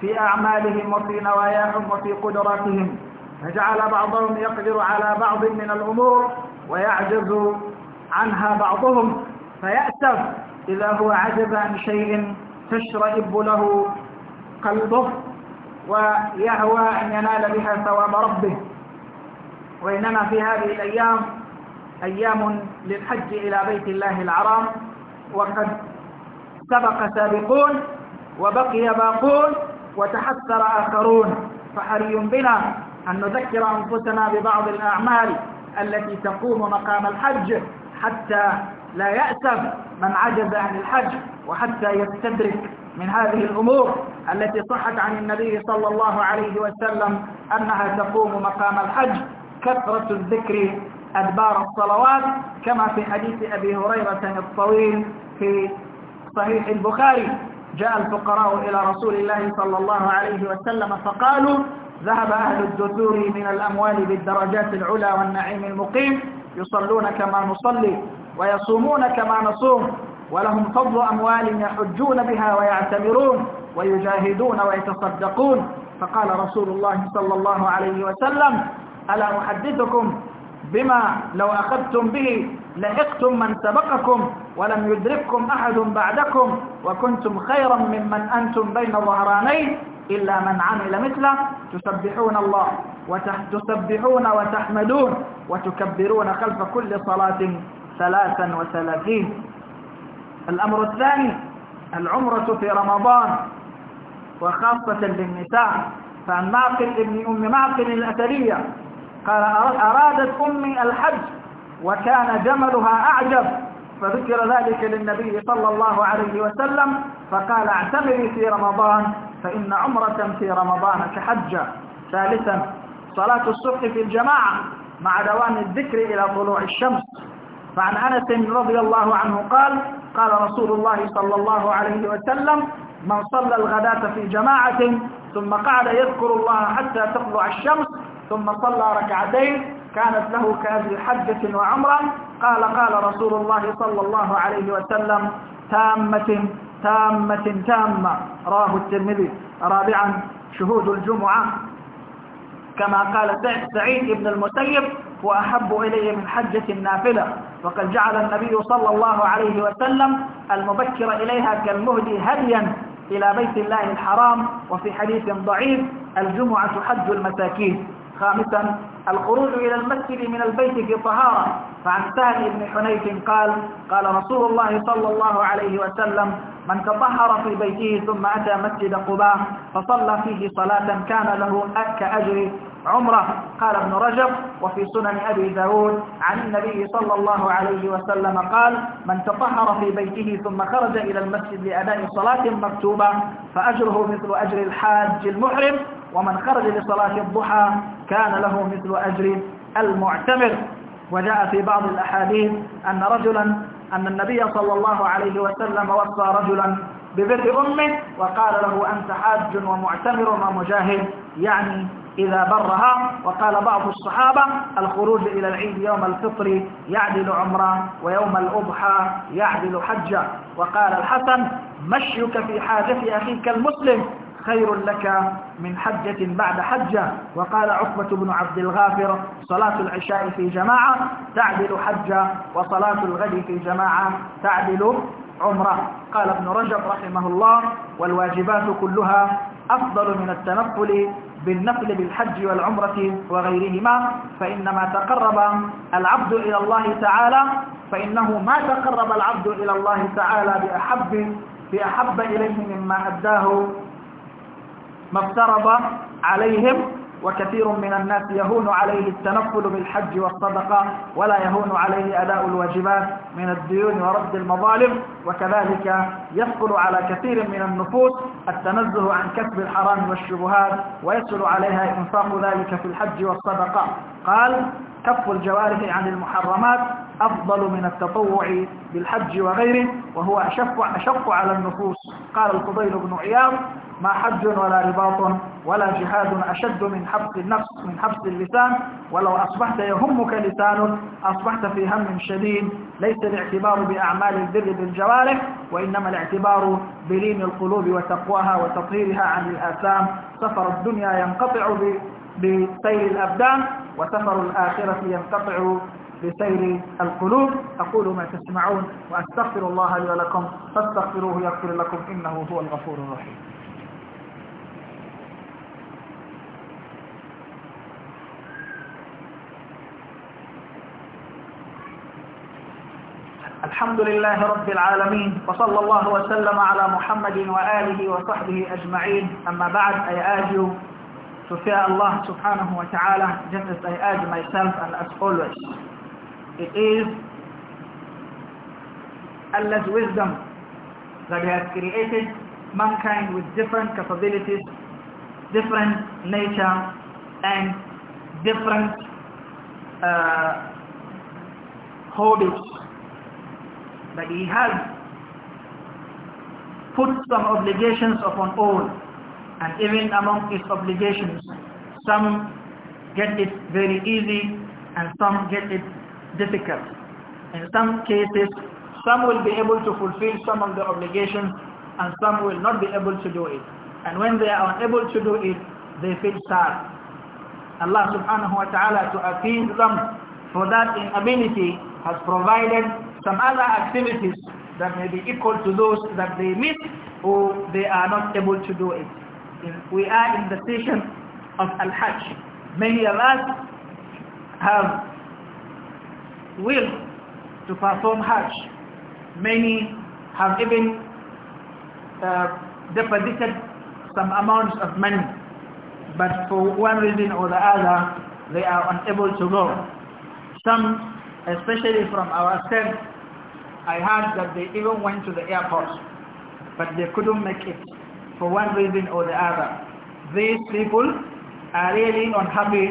في أعمالهم وفي نواياهم وفي قدراتهم فجعل بعضهم يقدر على بعض من الأمور ويعجز عنها بعضهم فيأسف إذا هو عجز عن شيء تشرئب له قلبه ويهوى أن ينال بها ثواب ربه وإنما في هذه الأيام أيام للحج إلى بيت الله العرام وقد سبق سابقون وبقي باقون وتحسر آخرون فحري بنا أن نذكر أنفسنا ببعض الأعمال التي تقوم مقام الحج حتى لا يأسف من عجز عن الحج وحتى يستدرك من هذه الأمور التي صحت عن النبي صلى الله عليه وسلم أنها تقوم مقام الحج كثرة الذكر أدبار الصلوات كما في حديث أبي هريرة الطويل في صحيح البخاري جاء الفقراء إلى رسول الله صلى الله عليه وسلم فقالوا ذهب أهل الدثور من الأموال بالدرجات العلى والنعيم المقيم يصلون كما نصلي ويصومون كما نصوم ولهم فضل أموال يحجون بها ويعتمرون ويجاهدون ويتصدقون فقال رسول الله صلى الله عليه وسلم ألا أحدثكم بما لو أخذتم به لحقتم من سبقكم ولم يدرككم أحد بعدكم وكنتم خيرا ممن أنتم بين ظهرانين إلا من عمل مثله تسبحون الله وتسبحون وتحمدون وتكبرون خلف كل صلاة ثلاثا وثلاثين الأمر الثاني العمرة في رمضان وخاصة للنساء فعن معقل ابن أم معقل الأثرية قال أرادت أمي الحج وكان جملها أعجب فذكر ذلك للنبي صلى الله عليه وسلم فقال اعتمري في رمضان فإن عمرة في رمضان كحجة ثالثا صلاة الصبح في الجماعة مع دوام الذكر إلى طلوع الشمس فعن أنس رضي الله عنه قال قال رسول الله صلى الله عليه وسلم من صلى الغداة في جماعة ثم قعد يذكر الله حتى تطلع الشمس ثم صلى ركعتين كانت له كأجل حجة وعمرا قال قال رسول الله صلى الله عليه وسلم تامة تامة تامة راه الترمذي رابعا شهود الجمعة كما قال سعيد بن المسيب وأحب إلي من حجة النافلة وقد جعل النبي صلى الله عليه وسلم المبكر إليها كالمهدي هديا إلى بيت الله الحرام وفي حديث ضعيف الجمعة حج المساكين خامسا الخروج إلى المسجد من البيت في طهارة فعن سهل بن حنيف قال قال رسول الله صلى الله عليه وسلم من تطهر في بيته ثم أتى مسجد قباء فصلى فيه صلاة كان له كأجر عمره قال ابن رجب وفي سنن أبي داود عن النبي صلى الله عليه وسلم قال من تطهر في بيته ثم خرج إلى المسجد لأداء صلاة مكتوبة فأجره مثل أجر الحاج المحرم ومن خرج لصلاة الضحى كان له مثل أجر المعتمر وجاء في بعض الأحاديث أن رجلا أن النبي صلى الله عليه وسلم وصى رجلا ببر أمه وقال له أنت حاج ومعتمر ومجاهد يعني إذا برها وقال بعض الصحابة الخروج إلى العيد يوم الفطر يعدل عمرة ويوم الأضحى يعدل حجة وقال الحسن مشيك في حاجة أخيك المسلم خير لك من حجة بعد حجة وقال عقبة بن عبد الغافر صلاة العشاء في جماعة تعدل حجة وصلاة الغد في جماعة تعدل عمره قال ابن رجب رحمه الله والواجبات كلها أفضل من التنفل بالنفل بالحج والعمرة وغيرهما فإنما تقرب العبد إلى الله تعالى فإنه ما تقرب العبد إلى الله تعالى بأحب بأحب إليه مما أداه ما افترض عليهم وكثير من الناس يهون عليه التنفل بالحج والصدقة ولا يهون عليه أداء الواجبات من الديون ورد المظالم وكذلك يسهل على كثير من النفوس التنزه عن كسب الحرام والشبهات ويسهل عليها إنفاق ذلك في الحج والصدقة قال كف الجوارح عن المحرمات أفضل من التطوع بالحج وغيره وهو أشق, أشق على النفوس قال الفضيل بن عياض ما حج ولا رباط ولا جهاد أشد من حبس النفس من حبس اللسان ولو أصبحت يهمك لسان أصبحت في هم شديد ليس الاعتبار بأعمال البر بالجوارح وإنما الاعتبار بلين القلوب وتقواها وتطهيرها عن الآثام سفر الدنيا ينقطع بسير الأبدان وسفر الآخرة ينقطع بسير القلوب أقول ما تسمعون وأستغفر الله لي ولكم فاستغفروه يغفر لكم إنه هو الغفور الرحيم الحمد لله رب العالمين وصلى الله وسلم على محمد وآله وصحبه أجمعين أما بعد أي آجوا you الله سبحانه وتعالى جنس أي آجوا just as I myself and as always It is Allah's wisdom that He has created mankind with different capabilities, different nature, and different uh, hobbies. That He has put some obligations upon all, and even among His obligations, some get it very easy and some get it difficult. In some cases, some will be able to fulfill some of the obligations and some will not be able to do it. And when they are unable to do it, they feel sad. Allah subhanahu wa ta'ala to appease them for that inability has provided some other activities that may be equal to those that they miss or they are not able to do it. We are in the session of Al-Hajj. Many of us have will to perform Hajj. Many have even uh, deposited some amounts of money, but for one reason or the other, they are unable to go. Some, especially from our side, I heard that they even went to the airport, but they couldn't make it for one reason or the other. These people are really unhappy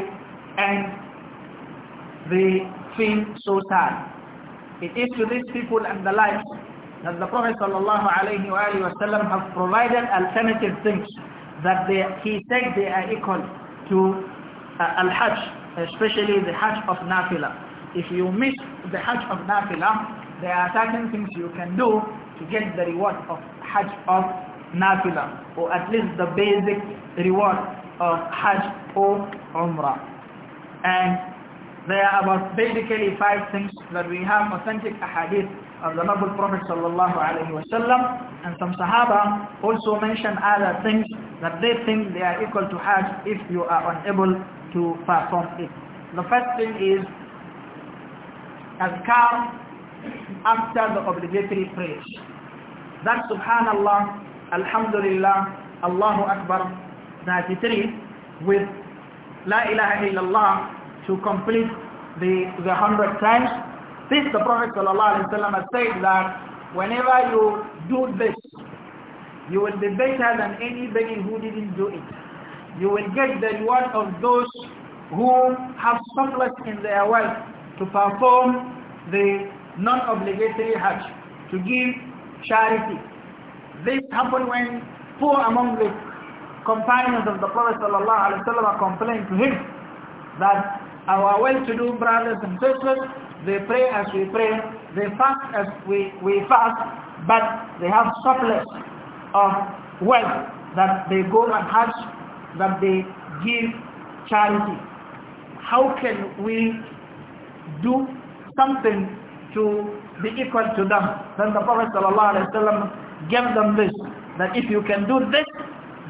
and the feel so sad. It is to these people and the lives that the Prophet sallallahu alayhi wa provided alternative things that they, he said they are equal to uh, al-hajj, especially the hajj of nafila. If you miss the hajj of nafila, there are certain things you can do to get the reward of hajj of nafila, or at least the basic reward of hajj or umrah. And there are about basically five things that we have authentic ahadith of the noble Prophet sallallahu alaihi wasallam and some Sahaba also mention other things that they think they are equal to Hajj if you are unable to perform it. The first thing is azkar after the obligatory prayers. That subhanallah, alhamdulillah, Allahu Akbar 93 with la ilaha illallah to complete the, the hundred times. This the Prophet has said that whenever you do this, you will be better than anybody who didn't do it. You will get the reward of those who have surplus in their wealth to perform the non-obligatory hajj, to give charity. This happened when poor among the companions of the Prophet ﷺ complained to him that our well-to-do brothers and sisters, they pray as we pray, they fast as we, we fast, but they have surplus of wealth that they go and hatch, that they give charity. How can we do something to be equal to them? Then the Prophet wasallam gave them this, that if you can do this,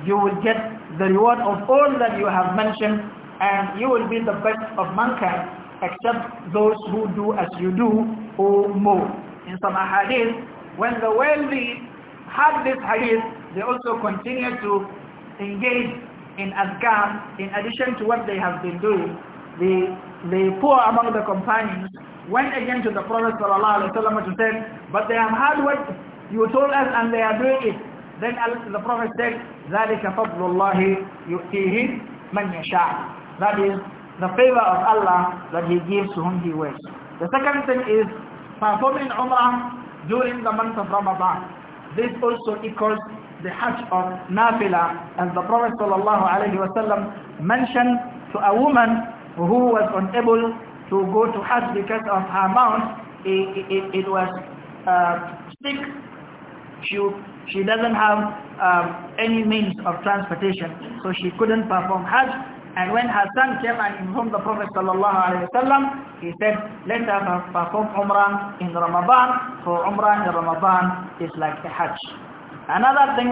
you will get the reward of all that you have mentioned and you will be the best of mankind except those who do as you do or more. In some hadith, when the wealthy had this hadith, they also continue to engage in azkar in addition to what they have been doing. The, the poor among the companions went again to the Prophet ﷺ to say, but they have heard what you told us and they are doing it. Then the Prophet said, ذَلِكَ فَضْلُ اللَّهِ يُؤْتِيهِ مَنْ يَشَاءُ that is the favor of Allah that he gives to whom he wishes. The second thing is performing Umrah during the month of Ramadan. This also equals the Hajj of Nafila as the Prophet ﷺ mentioned to a woman who was unable to go to Hajj because of her mount. It, it, it was uh, sick. She, she doesn't have um, any means of transportation so she couldn't perform Hajj and when Hassan came and informed the Prophet sallallahu he said, let us perform Umrah in Ramadan, for Umrah in Ramadan is like a Hajj. Another thing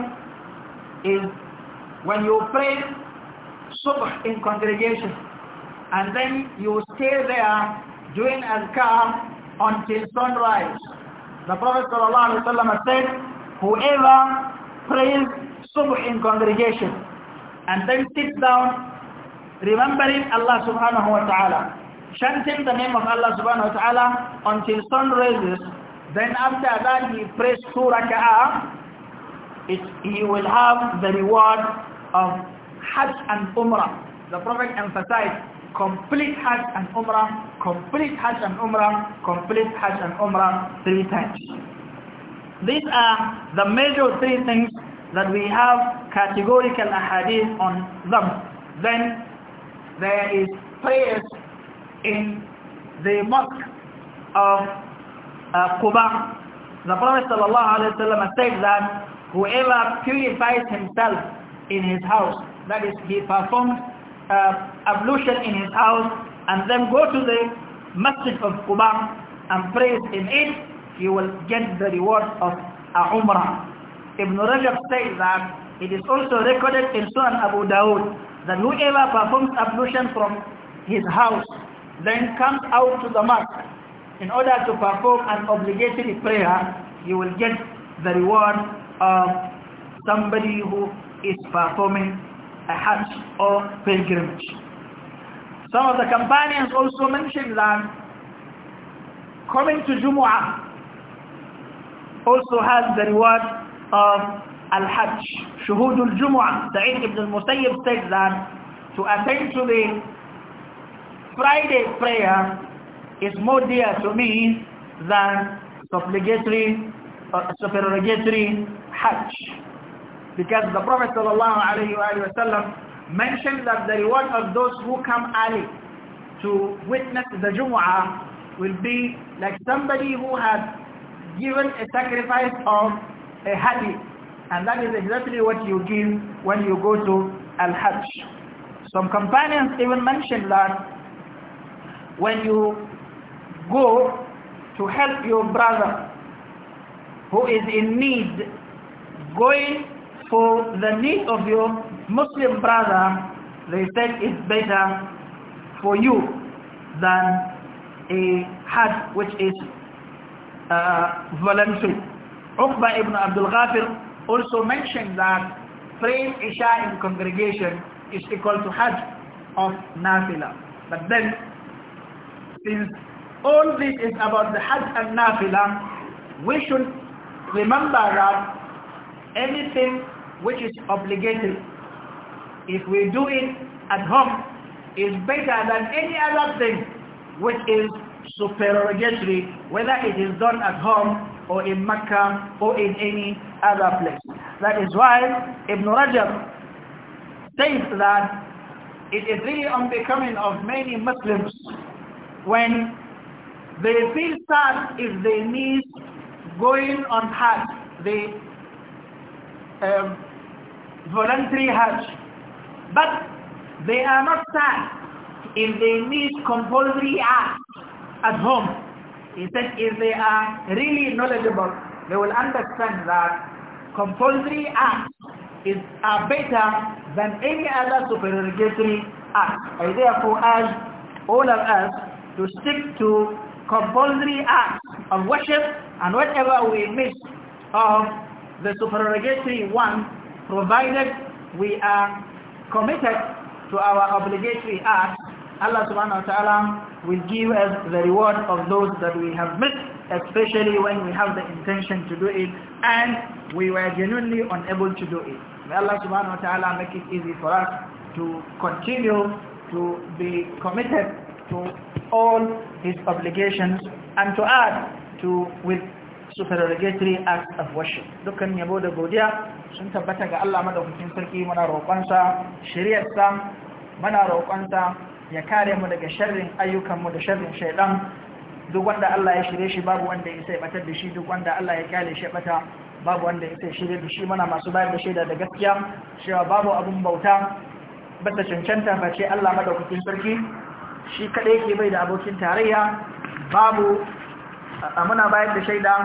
is when you pray Subh in congregation, and then you stay there doing Azkar until sunrise. The Prophet wasallam said, whoever prays Subh in congregation, and then sits down remembering Allah subhanahu wa ta'ala, chanting the name of Allah subhanahu wa ta'ala until sun rises, then after that he prays two raka'ah, he will have the reward of Hajj and Umrah. The Prophet emphasized complete Hajj and Umrah, complete Hajj and Umrah, complete Hajj and Umrah three times. These are the major three things that we have categorical ahadith on them. Then there is prayers in the mosque of uh, Quba. The Prophet ﷺ said that whoever purifies himself in his house, that is he performs uh, ablution in his house and then go to the masjid of Quba and prays in it, he will get the reward of a umrah. Ibn Rajab says that it is also recorded in Sunan Abu Dawud that whoever performs ablution from his house then comes out to the mosque in order to perform an obligatory prayer you will get the reward of somebody who is performing a hajj or pilgrimage some of the companions also mentioned that coming to Jumu'ah also has the reward of Al-Hajj, Shuhudul Jumu'ah, Sa'id ibn al-Musayyib said that to attend to the Friday prayer is more dear to me than supplicatory or uh, supererogatory Hajj. Because the Prophet ﷺ mentioned that the reward of those who come early to witness the Jumu'ah will be like somebody who has given a sacrifice of a hadith and that is exactly what you give when you go to Al-Hajj. Some companions even mentioned that when you go to help your brother who is in need, going for the need of your Muslim brother, they said it's better for you than a Hajj which is uh, voluntary. Uqba ibn Abdul Ghafir also mentioned that praying Isha in congregation is equal to Hajj of Nafila. But then, since all this is about the Hajj and Nafila, we should remember that anything which is obligatory, if we do it at home, is better than any other thing which is supererogatory, whether it is done at home or in Mecca or in any other place. That is why Ibn Rajab says that it is really unbecoming of many Muslims when they feel sad if they miss going on Hajj, the uh, voluntary Hajj. But they are not sad if they miss compulsory Hajj at home he said if they are really knowledgeable, they will understand that compulsory acts is, are better than any other supererogatory act. I therefore urge all of us to stick to compulsory acts of worship and whatever we miss of the supererogatory one, provided we are committed to our obligatory acts Allah subhanahu wa ta'ala will give us the reward of those that we have missed, especially when we have the intention to do it and we were genuinely unable to do it. May Allah subhanahu wa ta'ala make it easy for us to continue to be committed to all his obligations and to add to with supererogatory acts of worship dukkan yabo da godiya sun tabbata ga Allah madaukakin sarki muna roƙonsa shiriyarsa muna roƙonsa ya kare mu daga sharrin ayyukanmu da sharrin shaidan duk wanda Allah ya shirye shi babu wanda ya sai batar da shi duk wanda Allah ya kyale shi bata babu wanda ya sai shirye da shi muna masu bayar da shaida da gaskiya cewa babu abun bauta bata cancanta ba ce Allah madaukakin sarki shi kadai ke bai da abokin tarayya babu muna bayar da shaida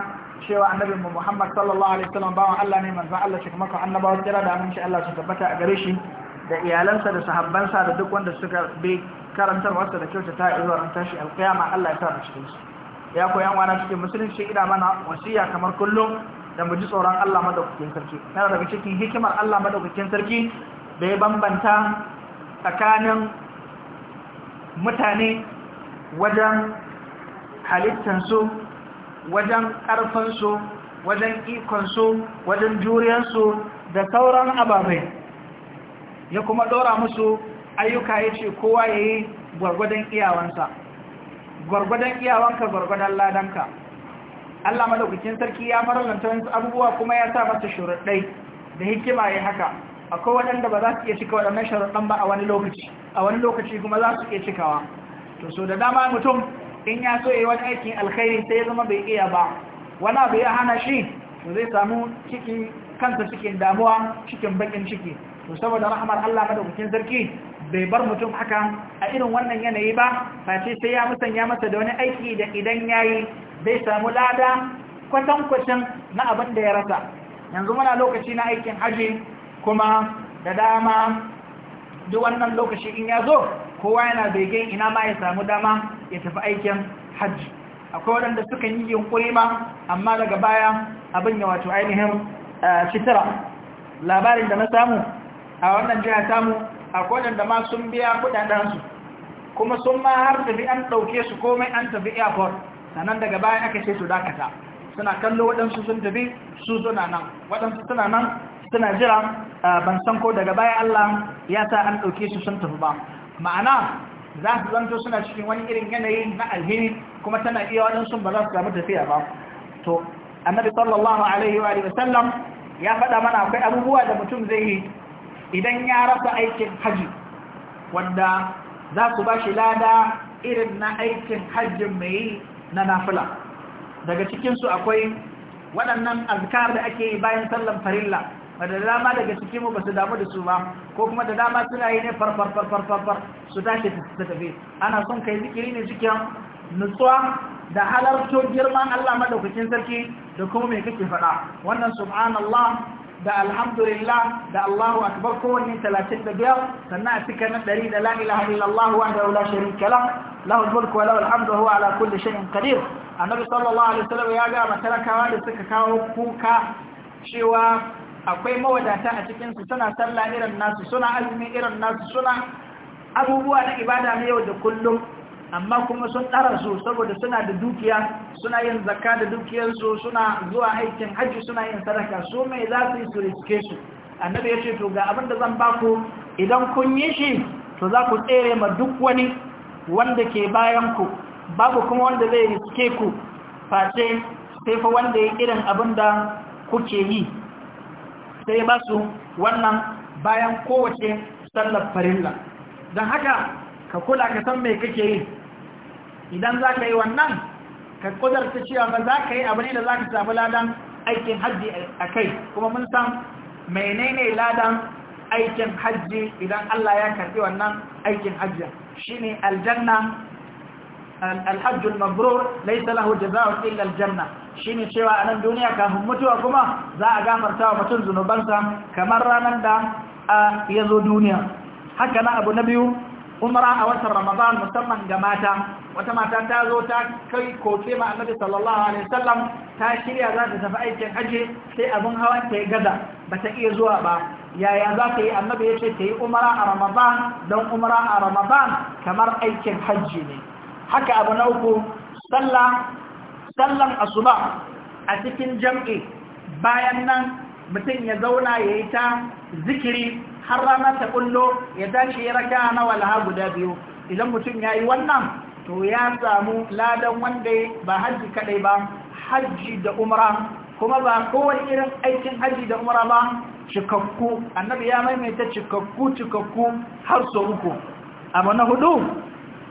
cewa annabin mu Muhammad sallallahu alaihi wasallam bawan Allah ne manzon Allah shi kuma annabawa kira da aminci Allah su tabbata a gare shi da iyalansa da sahabbansa da duk wanda suka bi karantar wasu da kyautata yi zuwa ran tashi alƙiyama Allah ya sa mu cikin su ya koyan wana cikin musulunci ina mana wasiya kamar kullum da mu ji tsoron Allah madaukakin sarki yana daga cikin hikimar Allah madaukakin sarki bai ya bambanta tsakanin mutane wajen su wajen ƙarfinsu wajen su wajen juriyarsu da sauran ababai ya kuma ɗora musu ayyuka ya ce kowa ya yi gwargwadon iyawansa gwargwadon iyawanka gwargwadon ladanka Allah malaukakin sarki ya faranta wasu abubuwa kuma ya sa masa shuruɗai da hikima ya haka akwai waɗanda ba za su iya cika waɗannan sharuɗan ba a wani lokaci a wani lokaci kuma za su iya cikawa to so da dama mutum in ya so yi wani aikin alkhairi sai ya zama bai iya ba wani abu ya hana shi to zai samu cikin kansa cikin damuwa cikin baƙin ciki to saboda rahmar Allah madaukakin sarki bai bar mutum haka a irin wannan yanayi ba face sai ya musanya masa da wani aiki da idan yayi zai samu lada kwatan kwatankwacin na abin da ya rasa yanzu muna lokaci na aikin haji kuma da dama duk wannan lokaci in ya zo kowa yana begen ina ma ya samu dama ya tafi aikin hajji akwai waɗanda suka yi yunkuri ma amma daga baya abin ya wato ainihin fitira eh, labarin da na samu a wannan jiha tamu akwai wanda ma sun biya su kuma sun ma har tafi an ɗauke su komai an tafi airport sannan daga bayan aka ce su dakata suna kallo waɗansu sun tafi su suna nan waɗansu suna nan suna jira ban san ko daga baya Allah ya sa an ɗauke su sun tafi ba ma'ana za su zanto suna cikin wani irin yanayi na alhini kuma tana iya waɗansu ba za su samu tafiya ba to annabi sallallahu alaihi wa sallam ya faɗa mana akwai abubuwa da mutum zai yi idan ya rasa aikin haji wanda za su ba shi lada irin na aikin hajjin mai na nafila daga cikinsu akwai waɗannan azkar da ake yi bayan sallan farilla wadda da dama daga cikinmu ba su damu da su ba ko kuma da dama suna yi ne farfarfarfarfar su tashi ta tafi ana son kai zikiri ne cikin nutsuwa da halarto girman Allah madaukakin sarki da kuma mai kake faɗa wannan subhanallah da alhamdulillah da Allahu akbar kowanne 35 sannan a cika na 100 da la ilaha illallah wahdahu la sharika lah lahu al-mulku wa hamdu huwa ala kulli shay'in qadir annabi sallallahu alaihi wasallam ya ga matalakawa da suka kawo kuka cewa akwai mawadata a cikin su suna sallah irin nasu suna azumi irin nasu suna abubuwa na ibada na yau da kullum amma kuma sun ɗara su saboda suna da dukiya suna yin zaka da dukiyarsu suna zuwa aikin hajji suna yin sadaka su mai za su yi su riske su annabi ya ce to ga abinda da zan baku idan kun yi shi to za ku tsere ma duk wani wanda ke bayan ku babu kuma wanda zai riske ku face sai fa wanda ya irin abin da kuke yi sai ba su wannan bayan kowace sallar farilla don haka ka kula ka san mai kake yi idan za ka yi wannan ka kudarta cewa ba za ka yi abu ne da za ka samu ladan aikin hajji a kai kuma mun san menene ladan aikin hajji idan Allah ya karɓi wannan aikin hajji ne aljanna alhajjul mabrur laysa lahu jazaa'un illa aljanna shine cewa a nan duniya kafin mutuwa kuma za a gafarta wa mutum zunubansa kamar ranar da ya zo duniya haka na abu na biyu umra a watan ramadan musamman ga mata wata mata ta zo ta kai koke ma annabi sallallahu alaihi wasallam ta shirya za ta tafi aikin haji sai abin hawan ta ya gaza ba ta iya zuwa ba yaya za ta yi annabi ya ce ta yi umra a ramadan don umra a ramadan kamar aikin hajji ne haka abu na uku sallah sallan asuba a cikin jam'i bayan nan mutum ya zauna ya yi ta zikiri har rana ta kullo ya tashi ya raka na laha guda biyu idan mutum ya yi wannan to ya samu ladan wanda ba hajji kadai ba hajji da umra kuma ba kowane irin aikin hajji da umara ba cikakku annabi ya maimaita cikakku cikakku har sau uku abu na hudu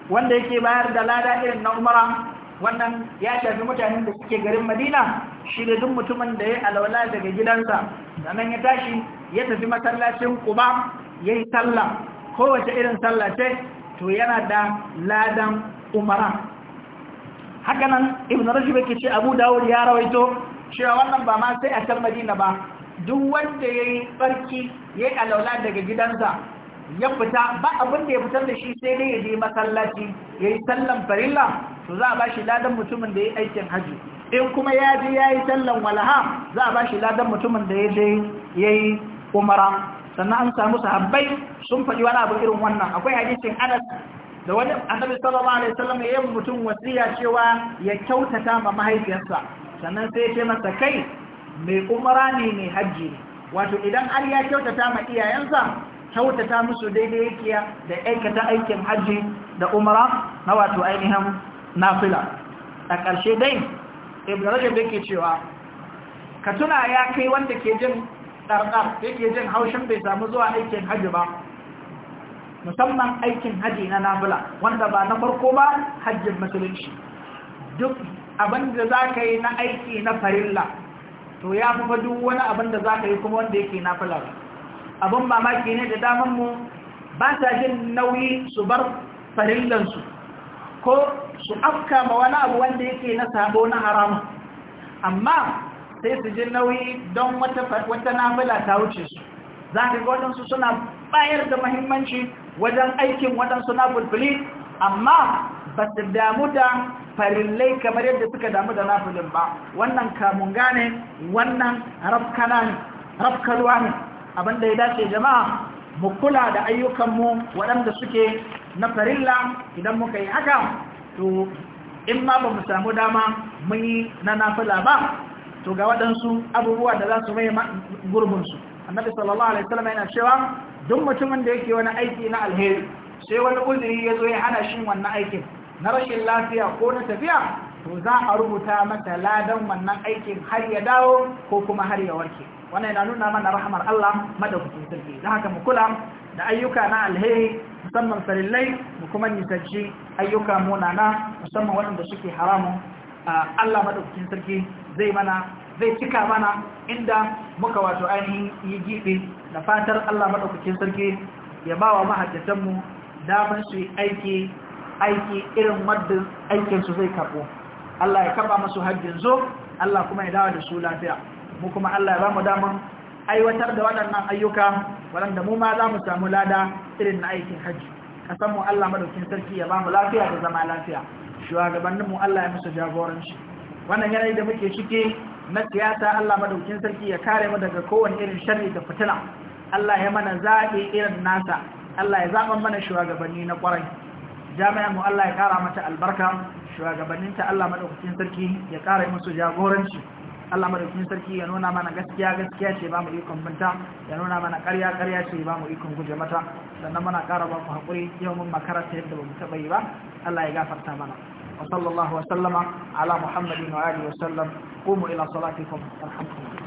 wanda yake bayar da lada irin na umara. wannan ya shafi mutanen da suke garin madina shi da duk mutumin da ya alwala daga gidansa sannan ya tashi ya tafi masallacin kuba ya yi sallah kowace irin sallah ce to yana da ladan umara hakanan ibn rajab yake ce abu dawud ya rawaito cewa wannan ba ma sai a can madina ba duk wanda ya yi barki ya yi alwala daga gidansa ya fita ba abin da ya fitar da shi sai dai ya je masallaci ya yi sallan farilla to za a ba shi ladan mutumin da ya yi aikin hajji in kuma ya je ya yi sallan walaha za a ba shi ladan mutumin da ya je ya yi umara sannan an samu sahabbai sun faɗi wani abu irin wannan akwai hadisin anas da wani annabi sallallahu alaihi wasallam ya yi mutum wasiya cewa ya kyautata ma mahaifiyarsa sannan sai ya ce masa kai mai umara ne mai hajji ne wato idan har ya kyautata ma iyayensa kyautata musu daidai yake da aikata aikin hajji da umara na wato ainihin nafila a ƙarshe dai ibn rajab yake cewa ka tuna ya kai wanda ke jin ɗarɗar yake jin haushin bai samu zuwa aikin hajji ba musamman aikin hajji na nafila wanda ba na farko ba hajjin musulunci duk abinda za ka yi na aiki na farilla to ya fi duk wani abinda za ka yi kuma wanda yake nafila ba abin mamaki ne da damanmu ba sa jin nauyi su bar farillansu ko su afka ma wani abu wanda yake na sabo na haramu amma sai su ji nauyi don wata nafila ta wuce su za ka ga suna bayar da mahimmanci wajen aikin waɗansu na bulbuli amma ba su damu da farillai kamar yadda suka damu da nafilin ba wannan kamunga gane wannan rafkanuwa ne abin da ya dace jama'a mu kula da ayyukanmu waɗanda suke na farilla idan muka yi haka to in ma ba mu samu dama mun yi na nafila ba to ga waɗansu abubuwa da za su mai gurbinsu annabi sallallahu alaihi wasallam yana cewa duk mutumin da yake wani aiki na alheri sai wani uzuri ya zo ya hana shi wannan aikin na rashin lafiya ko na tafiya to za a rubuta mata ladan wannan aikin har ya dawo ko kuma har ya warke wannan yana nuna mana rahmar Allah madaukakin sarki don haka mu kula da ayyuka na alheri musamman sarillai mu kuma nisanci ayyuka munana musamman waɗanda suke haramun Allah madaukakin sarki zai mana zai cika mana inda muka wato ainihin yi gibe da fatar Allah madaukakin sarki ya ba wa mu damar su aiki aiki irin wadda aikinsu zai karɓo Allah ya kafa masu hajjin zo Allah kuma ya dawo da su lafiya mu kuma Allah ya ba mu daman aiwatar da waɗannan ayyuka waɗanda mu ma za mu samu lada irin na aikin hajji kasan mu Allah madaukin sarki ya ba mu lafiya da zama lafiya shugabannin mu Allah ya musu jagoranci wannan yanayi da muke ciki na siyasa Allah madaukin sarki ya kare mu daga kowane irin sharri da fitina Allah ya mana zaɓi irin nasa Allah ya zaɓa mana shugabanni na ƙwarai jamianmu mu Allah ya ƙara mata albarka shugabanninta Allah madaukakin sarki ya ƙara musu jagoranci Allah madaukakin sarki ya nuna mana gaskiya gaskiya ce ba mu ikon binta ya nuna mana ƙarya ƙarya ce ba mu ikon guje mata sannan muna ƙara ba ku haƙuri yau mun makaranta yadda ba mu taɓa yi ba Allah ya gafarta mana wa sallallahu wa sallama ala muhammadin wa alihi wa sallam qumu ila salatikum arhamkum